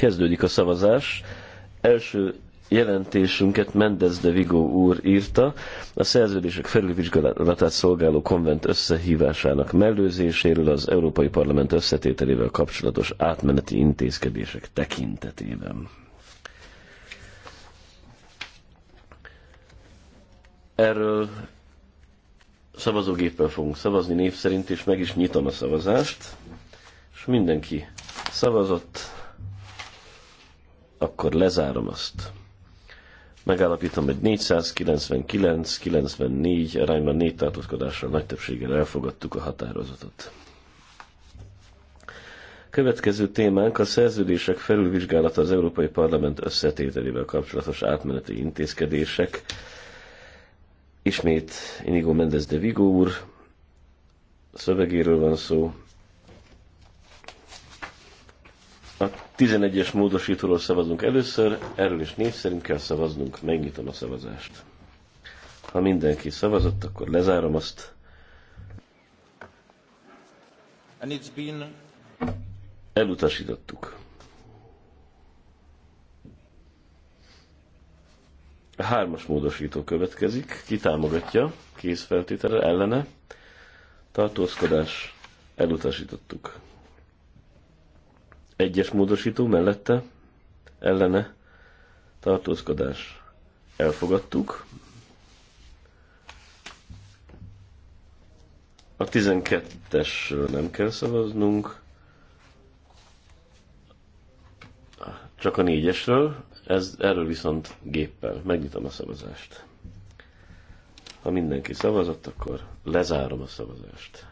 Kezdődik a szavazás. Első jelentésünket Mendez de Vigo úr írta, a szerződések felülvizsgálatát szolgáló konvent összehívásának mellőzéséről az Európai Parlament összetételével kapcsolatos átmeneti intézkedések tekintetében. Erről szavazógéppel fogunk szavazni név szerint, és meg is nyitom a szavazást, és mindenki szavazott. Akkor lezárom azt. Megállapítom, hogy 499-94 arányban négy tartózkodásra nagy többséggel elfogadtuk a határozatot. Következő témánk a szerződések felülvizsgálata az Európai Parlament összetételével kapcsolatos átmeneti intézkedések. Ismét Inigo Mendez de Vigo úr szövegéről van szó, 11-es módosítóról szavazunk először, erről is név szerint kell szavaznunk, megnyitom a szavazást. Ha mindenki szavazott, akkor lezárom azt. And it's been... Elutasítottuk. A hármas módosító következik, kitámogatja, feltétele ellene, tartózkodás, elutasítottuk. Egyes módosító mellette ellene tartózkodás elfogadtuk. A 12-esről nem kell szavaznunk, csak a 4-esről, ez, erről viszont géppel megnyitom a szavazást. Ha mindenki szavazott, akkor lezárom a szavazást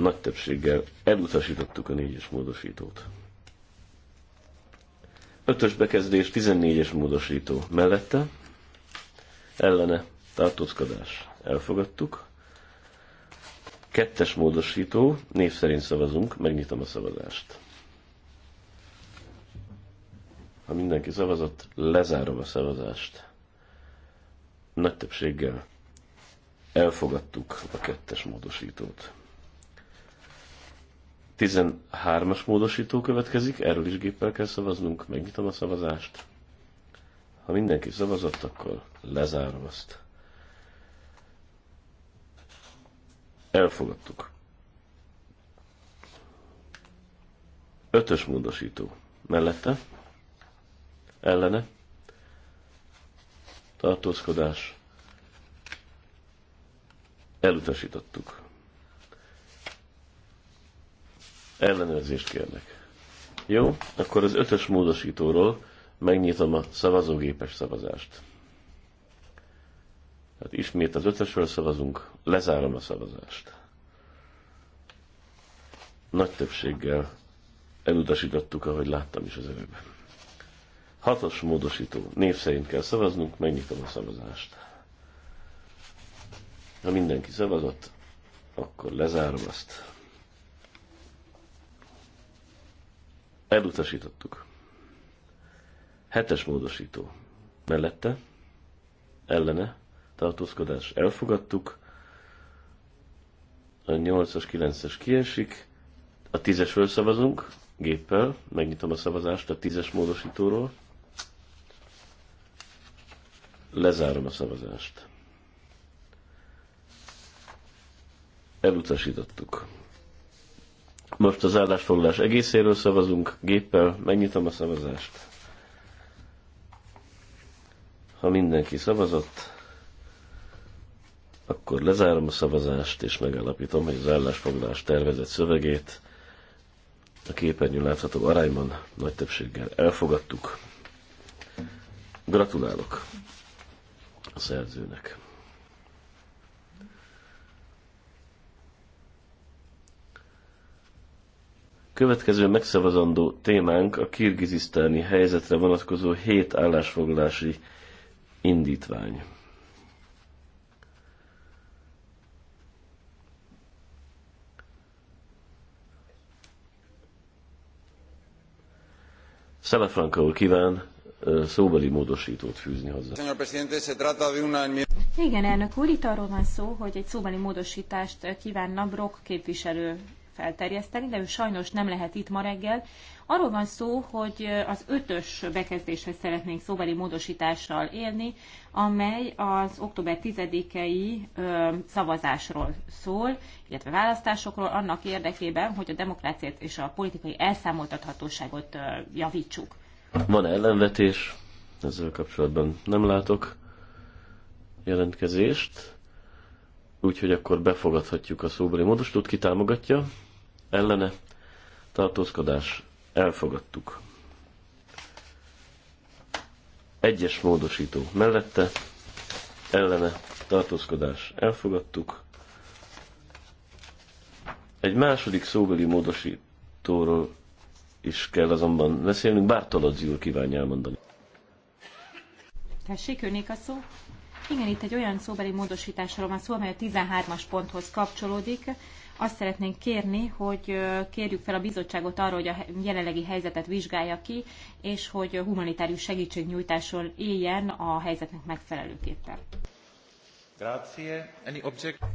nagy többséggel elutasítottuk a négyes módosítót. Ötös bekezdés, 14-es módosító mellette, ellene tartózkodás elfogadtuk. Kettes módosító, név szerint szavazunk, megnyitom a szavazást. Ha mindenki szavazott, lezárom a szavazást. Nagy többséggel elfogadtuk a kettes módosítót. 13-as módosító következik, erről is géppel kell szavaznunk, megnyitom a szavazást. Ha mindenki szavazott, akkor lezárom azt. Elfogadtuk. Ötös módosító. Mellette. Ellene. Tartózkodás. Elutasítottuk. Ellenőrzést kérnek. Jó, akkor az ötös módosítóról megnyitom a szavazógépes szavazást. Hát ismét az ötösről szavazunk, lezárom a szavazást. Nagy többséggel elutasítottuk, ahogy láttam is az előbb. Hatos módosító. Név szerint kell szavaznunk, megnyitom a szavazást. Ha mindenki szavazott, akkor lezárom azt. Elutasítottuk. Hetes módosító. Mellette, ellene, tartózkodás elfogadtuk. A 8-as, 9-es kiesik. A 10 szavazunk, géppel. Megnyitom a szavazást a 10-es módosítóról. Lezárom a szavazást. Elutasítottuk. Most az állásfoglalás egészéről szavazunk, géppel megnyitom a szavazást. Ha mindenki szavazott, akkor lezárom a szavazást, és megállapítom, hogy az állásfoglalás tervezett szövegét a képernyőn látható arányban nagy többséggel elfogadtuk. Gratulálok a szerzőnek! Következő megszavazandó témánk a kirgizisztáni helyzetre vonatkozó hét állásfoglalási indítvány. Szelefranka úr kíván szóbeli módosítót fűzni hozzá. Igen, elnök úr, itt arról van szó, hogy egy szóbeli módosítást kíván Brock képviselő felterjeszteni, de ő sajnos nem lehet itt ma reggel. Arról van szó, hogy az ötös bekezdéshez szeretnénk szóbeli módosítással élni, amely az október 10-i szavazásról szól, illetve választásokról annak érdekében, hogy a demokráciát és a politikai elszámoltathatóságot javítsuk. Van ellenvetés, ezzel kapcsolatban nem látok jelentkezést, úgyhogy akkor befogadhatjuk a szóbeli módosítót, ki támogatja ellene tartózkodás elfogadtuk. Egyes módosító mellette ellene tartózkodás elfogadtuk. Egy második szóbeli módosítóról is kell azonban beszélnünk, Bártaladzi úr kívánja elmondani. Tessék, önnék a szó? Igen, itt egy olyan szóbeli módosításról van szó, amely a 13-as ponthoz kapcsolódik azt szeretnénk kérni, hogy kérjük fel a bizottságot arra, hogy a jelenlegi helyzetet vizsgálja ki, és hogy humanitárius segítségnyújtáson éljen a helyzetnek megfelelőképpen.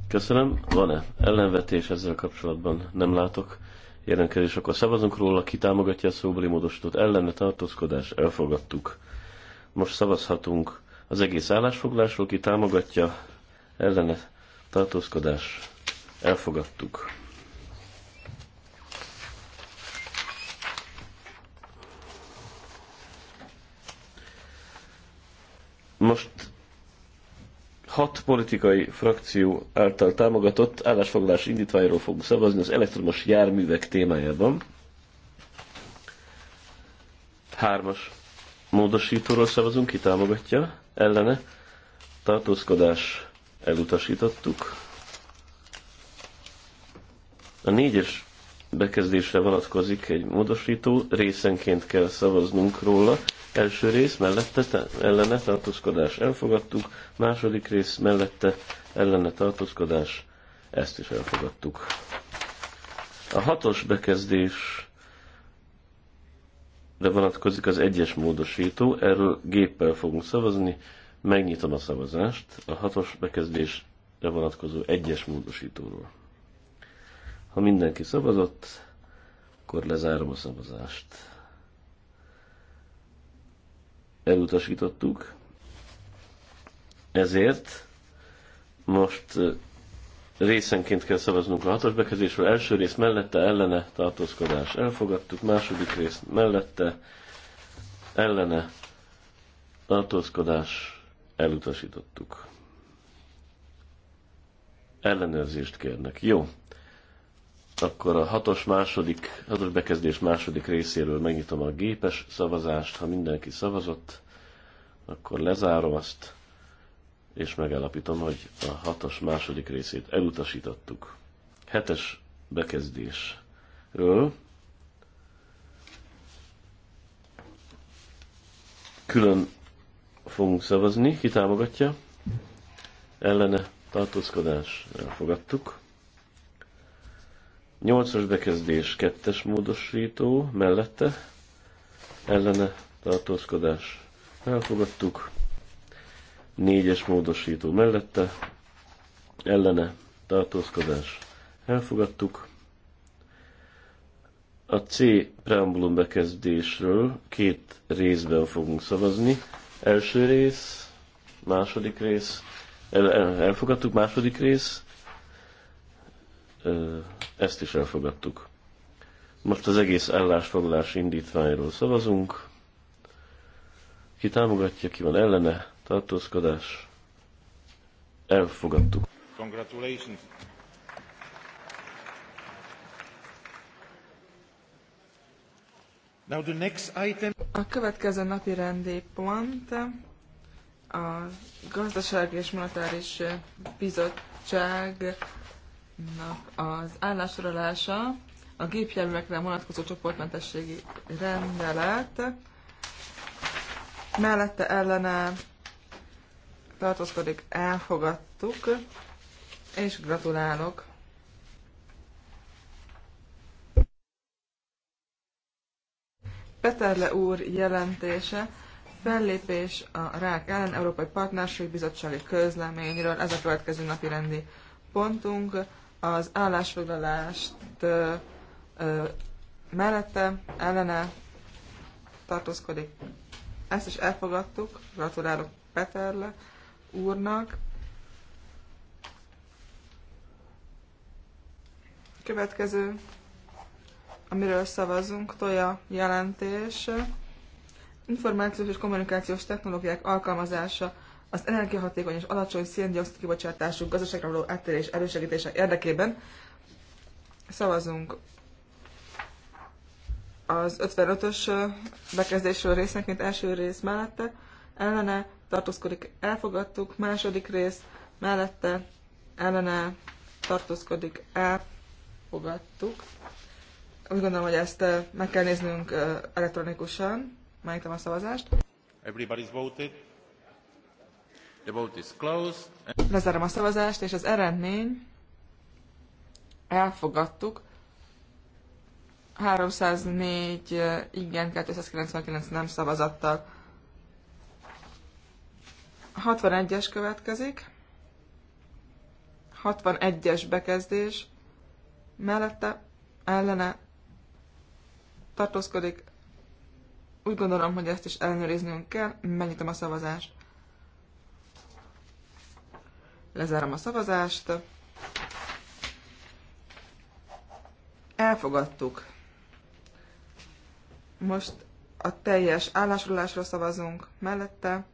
Köszönöm. Van-e ellenvetés ezzel kapcsolatban? Nem látok jelentkezés. Akkor szavazunk róla, ki támogatja a szóbeli módosítót. Ellene tartózkodás, elfogadtuk. Most szavazhatunk az egész állásfoglásról, ki támogatja ellene tartózkodás, Elfogadtuk. Most hat politikai frakció által támogatott állásfoglalás indítványról fogunk szavazni az elektromos járművek témájában. Hármas módosítóról szavazunk, ki támogatja, ellene. Tartózkodás elutasítottuk. A négyes bekezdésre vonatkozik egy módosító, részenként kell szavaznunk róla. Első rész mellette te, ellene tartózkodás elfogadtuk, második rész mellette ellene tartózkodás ezt is elfogadtuk. A hatos bekezdés de vonatkozik az egyes módosító, erről géppel fogunk szavazni. Megnyitom a szavazást a hatos bekezdésre vonatkozó egyes módosítóról. Ha mindenki szavazott, akkor lezárom a szavazást. Elutasítottuk. Ezért most részenként kell szavaznunk a hatos bekezdésről. Első rész mellette, ellene, tartózkodás. Elfogadtuk. Második rész mellette, ellene, tartózkodás. Elutasítottuk. Ellenőrzést kérnek. Jó. Akkor a hatos, második, hatos bekezdés második részéről megnyitom a gépes szavazást. Ha mindenki szavazott, akkor lezárom azt, és megállapítom, hogy a hatos második részét elutasítottuk. Hetes bekezdésről külön fogunk szavazni. Ki támogatja? Ellene tartózkodás elfogadtuk. Nyolcas bekezdés, kettes módosító, mellette, ellene tartózkodás. Elfogadtuk. Négyes módosító mellette, ellene tartózkodás. Elfogadtuk. A C preambulum bekezdésről két részben fogunk szavazni. Első rész, második rész, el, el, elfogadtuk második rész, ezt is elfogadtuk. Most az egész állásfoglalás indítványról szavazunk. Ki támogatja, ki van ellene, tartózkodás. Elfogadtuk. Congratulations. Now the next item. A következő napi rendi pont a gazdasági és monetáris bizottság nak az állásorolása a gépjárművekre vonatkozó csoportmentességi rendelet mellette ellene tartózkodik, elfogadtuk, és gratulálok. Peterle úr jelentése, fellépés a rák ellen Európai Partnerség Bizottsági Közleményről, ez a következő napi rendi pontunk az állásfoglalást mellette, ellene tartózkodik. Ezt is elfogadtuk. Gratulálok Peterle úrnak. Következő, amiről szavazunk, Toja jelentés. Információs és kommunikációs technológiák alkalmazása az energiahatékony és alacsony széndiokszid kibocsátású gazdaságra való áttérés elősegítése érdekében szavazunk az 55-ös bekezdésről résznek, mint első rész mellette, ellene tartózkodik, elfogadtuk, második rész mellette, ellene tartózkodik, elfogadtuk. Úgy gondolom, hogy ezt meg kell néznünk elektronikusan. Megnyitom a szavazást. Everybody's voted. The vote is closed. Lezárom a szavazást, és az eredmény elfogadtuk. 304 igen, 299 nem szavazattal. 61-es következik. 61-es bekezdés. Mellette, ellene tartózkodik. Úgy gondolom, hogy ezt is ellenőriznünk kell. Megnyitom a szavazást. Lezárom a szavazást. Elfogadtuk. Most a teljes állásolásra szavazunk. Mellette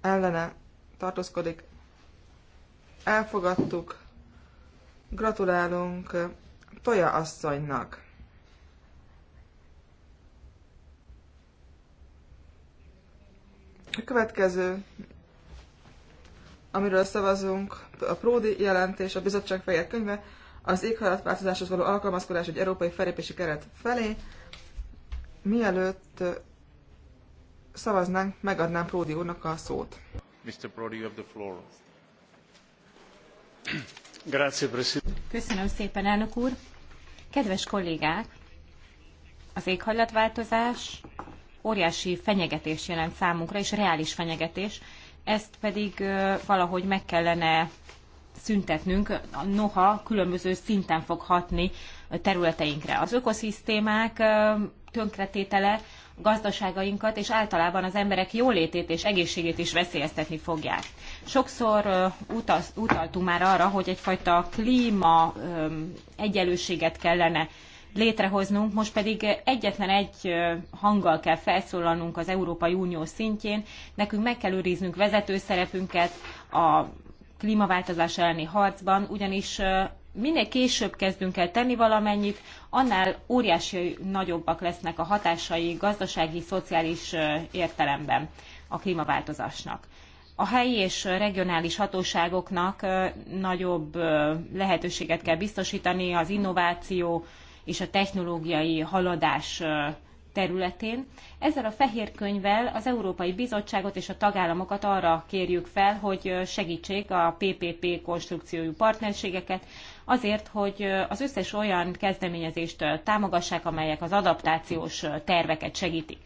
ellene tartózkodik. Elfogadtuk. Gratulálunk Toja asszonynak. A következő amiről szavazunk, a Pródi jelentés, a bizottság fehér könyve, az éghajlatváltozáshoz való alkalmazkodás egy európai felépési keret felé. Mielőtt szavaznánk, megadnám Pródi úrnak a szót. Mr. Prodi, of the floor. Grazie, President. Köszönöm szépen, elnök úr. Kedves kollégák, az éghajlatváltozás óriási fenyegetés jelent számunkra, és reális fenyegetés, ezt pedig valahogy meg kellene szüntetnünk, noha különböző szinten fog hatni területeinkre. Az ökoszisztémák tönkretétele gazdaságainkat és általában az emberek jólétét és egészségét is veszélyeztetni fogják. Sokszor utaz, utaltunk már arra, hogy egyfajta klíma egyenlőséget kellene létrehoznunk, most pedig egyetlen egy hanggal kell felszólalnunk az Európai Unió szintjén, nekünk meg kell őriznünk vezető szerepünket a klímaváltozás elleni harcban, ugyanis minél később kezdünk el tenni valamennyit, annál óriási nagyobbak lesznek a hatásai gazdasági, szociális értelemben a klímaváltozásnak. A helyi és regionális hatóságoknak nagyobb lehetőséget kell biztosítani az innováció, és a technológiai haladás területén. Ezzel a fehér könyvvel az Európai Bizottságot és a tagállamokat arra kérjük fel, hogy segítsék a PPP konstrukciójú partnerségeket, azért, hogy az összes olyan kezdeményezést támogassák, amelyek az adaptációs terveket segítik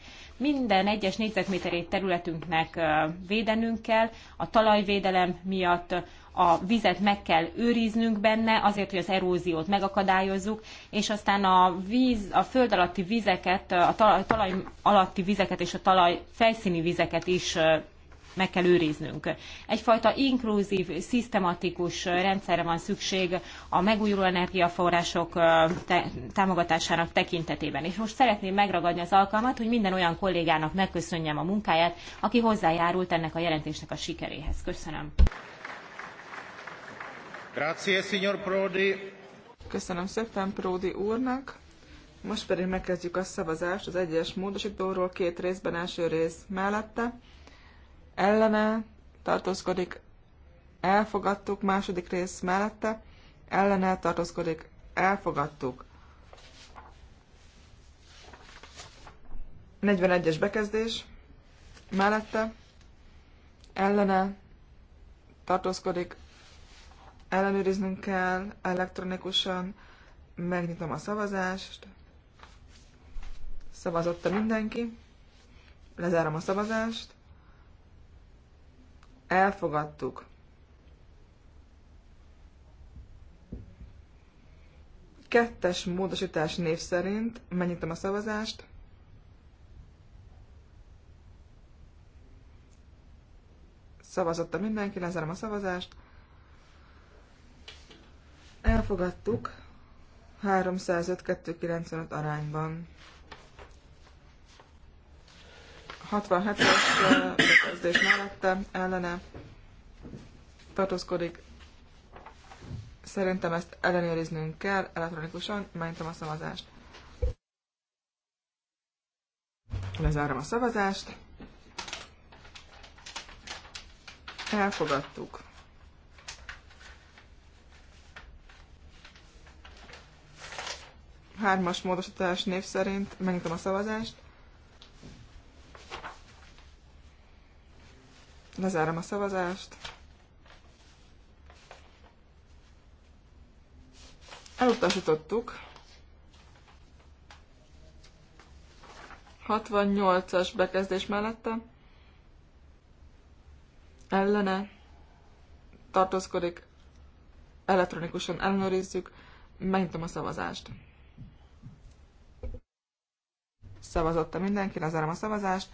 minden egyes négyzetméterét területünknek védenünk kell, a talajvédelem miatt a vizet meg kell őriznünk benne, azért, hogy az eróziót megakadályozzuk, és aztán a víz, a föld alatti vizeket, a talaj, talaj alatti vizeket és a talaj felszíni vizeket is meg kell őriznünk. Egyfajta inkluzív, szisztematikus rendszerre van szükség a megújuló energiaforrások te- támogatásának tekintetében. És most szeretném megragadni az alkalmat, hogy minden olyan kollégának megköszönjem a munkáját, aki hozzájárult ennek a jelentésnek a sikeréhez. Köszönöm. Grazie, signor Prodi. Köszönöm szépen Pródi úrnak. Most pedig megkezdjük a szavazást az egyes módosítóról két részben első rész mellette ellene tartózkodik, elfogadtuk, második rész mellette, ellene tartózkodik, elfogadtuk. 41-es bekezdés mellette, ellene tartózkodik, ellenőriznünk kell elektronikusan, megnyitom a szavazást, szavazotta mindenki, lezárom a szavazást, elfogadtuk. Kettes módosítás név szerint megnyitom a szavazást. a mindenki, lezárom a szavazást. Elfogadtuk 305-295 arányban. 67-es bekezdés mellette ellene tartózkodik. Szerintem ezt ellenőriznünk kell elektronikusan. Mentem a szavazást. Lezárom a szavazást. Elfogadtuk. Hármas módosítás név szerint megnyitom a szavazást. Lezárom a szavazást. Elutasítottuk. 68-as bekezdés mellette. Ellene tartózkodik. Elektronikusan ellenőrizzük. Megnyitom a szavazást. Szavazotta mindenki, lezárom a szavazást.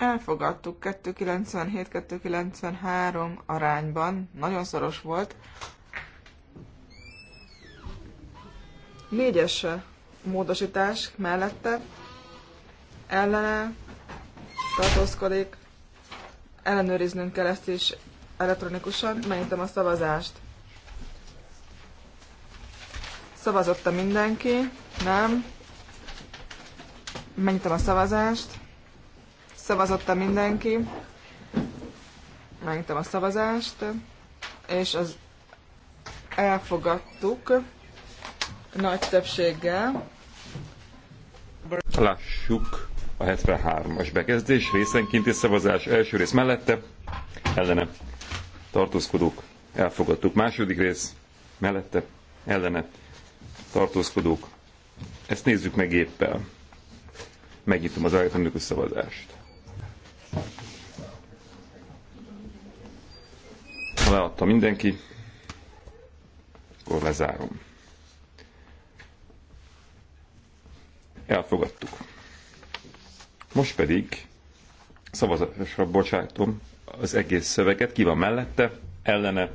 elfogadtuk 297-293 arányban, nagyon szoros volt. Négyes módosítás mellette ellene tartózkodik, ellenőriznünk kell ezt is elektronikusan, megnyitom a szavazást. Szavazotta mindenki? Nem. Megnyitom a szavazást a mindenki. Megnyitom a szavazást. És az elfogadtuk nagy többséggel. Lássuk a 73-as bekezdés, részenkénti szavazás első rész mellette, ellene tartózkodók, elfogadtuk. Második rész mellette, ellene tartózkodók. Ezt nézzük meg éppen. Megnyitom az elektronikus szavazást. Ha leadta mindenki, akkor lezárom. Elfogadtuk. Most pedig szavazásra bocsátom az egész szöveget. Ki van mellette? Ellene?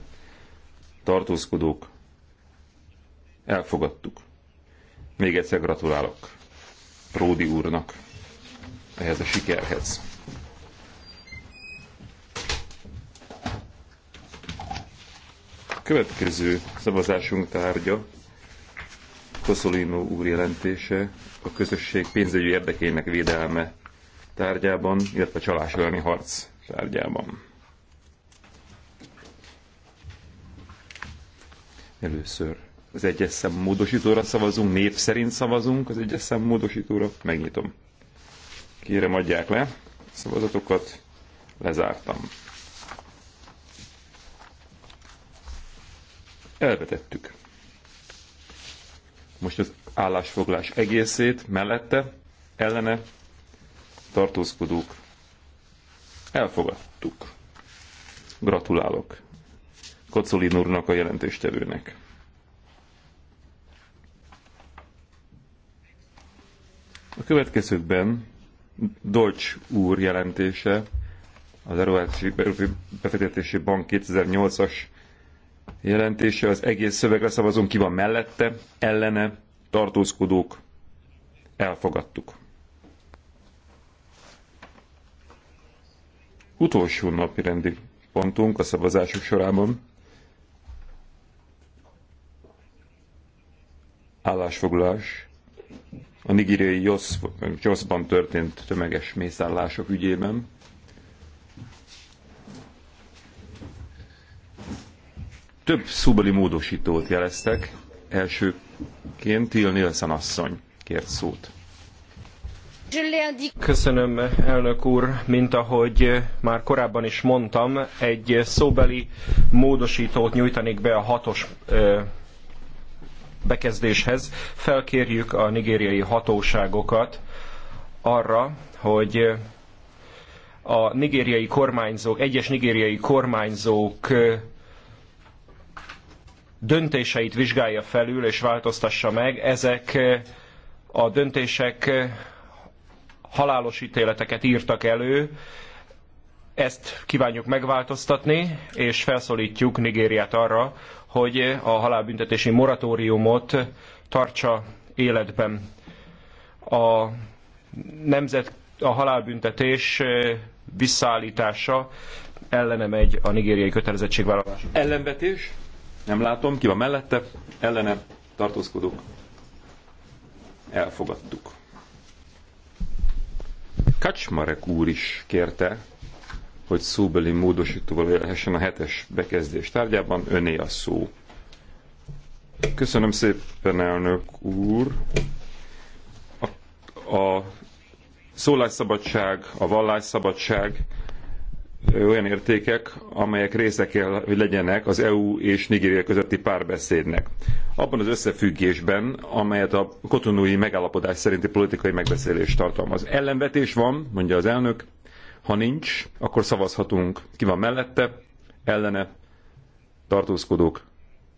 Tartózkodók? Elfogadtuk. Még egyszer gratulálok Pródi úrnak ehhez a sikerhez. Következő szavazásunk tárgya Koszolino úr jelentése a közösség pénzügyi érdekének védelme tárgyában, illetve csalás elleni harc tárgyában. Először az egyes szem módosítóra szavazunk, név szerint szavazunk az egyes szem módosítóra. Megnyitom. Kérem adják le szavazatokat. Lezártam. elvetettük. Most az állásfoglás egészét mellette, ellene tartózkodók elfogadtuk. Gratulálok Kocolin úrnak a jelentéstevőnek. A következőkben Dolcs úr jelentése az Európai Befektetési Bank 2008-as jelentése, az egész szövegre szavazunk, ki van mellette, ellene, tartózkodók, elfogadtuk. Utolsó napi rendi pontunk a szavazások sorában. Állásfoglalás a nigériai Joszban történt tömeges mészállások ügyében. Több szóbeli módosítót jeleztek. Elsőként Till Nielsen asszony kért szót. Köszönöm, elnök úr. Mint ahogy eh, már korábban is mondtam, egy szóbeli módosítót nyújtanék be a hatos eh, bekezdéshez. Felkérjük a nigériai hatóságokat arra, hogy eh, a nigériai kormányzók, egyes nigériai kormányzók döntéseit vizsgálja felül és változtassa meg. Ezek eh, a döntések eh, halálos ítéleteket írtak elő, ezt kívánjuk megváltoztatni, és felszólítjuk Nigériát arra, hogy eh, a halálbüntetési moratóriumot tartsa életben. A nemzet a halálbüntetés visszaállítása ellene megy a nigériai kötelezettségvállalás. Ellenvetés? Nem látom, ki van mellette, ellene tartózkodók. Elfogadtuk. Kacsmarek úr is kérte, hogy szóbeli módosítóval lehessen a hetes bekezdés tárgyában, öné a szó. Köszönöm szépen, elnök úr. A, a szólásszabadság, a vallásszabadság, olyan értékek, amelyek része kell, hogy legyenek az EU és Nigéria közötti párbeszédnek. Abban az összefüggésben, amelyet a kotonúi megállapodás szerinti politikai megbeszélés tartalmaz. Ellenvetés van, mondja az elnök, ha nincs, akkor szavazhatunk. Ki van mellette, ellene, tartózkodók,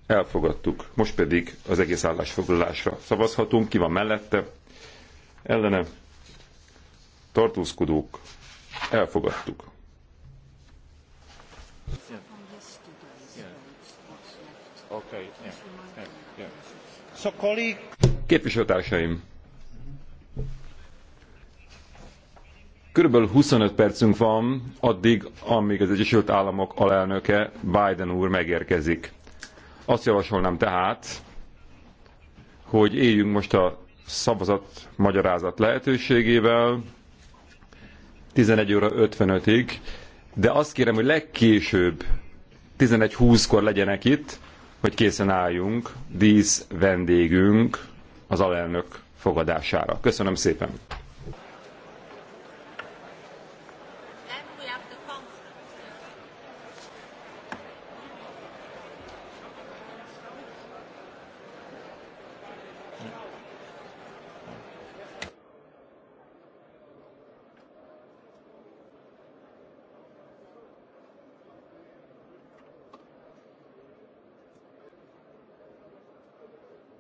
elfogadtuk. Most pedig az egész állásfoglalásra szavazhatunk. Ki van mellette, ellene, tartózkodók, elfogadtuk. Képviselőtársaim! Körülbelül 25 percünk van addig, amíg az Egyesült Államok alelnöke Biden úr megérkezik. Azt javasolnám tehát, hogy éljünk most a szavazat magyarázat lehetőségével 11 óra 55-ig, de azt kérem, hogy legkésőbb 11.20-kor legyenek itt, hogy készen álljunk dísz vendégünk az alelnök fogadására. Köszönöm szépen!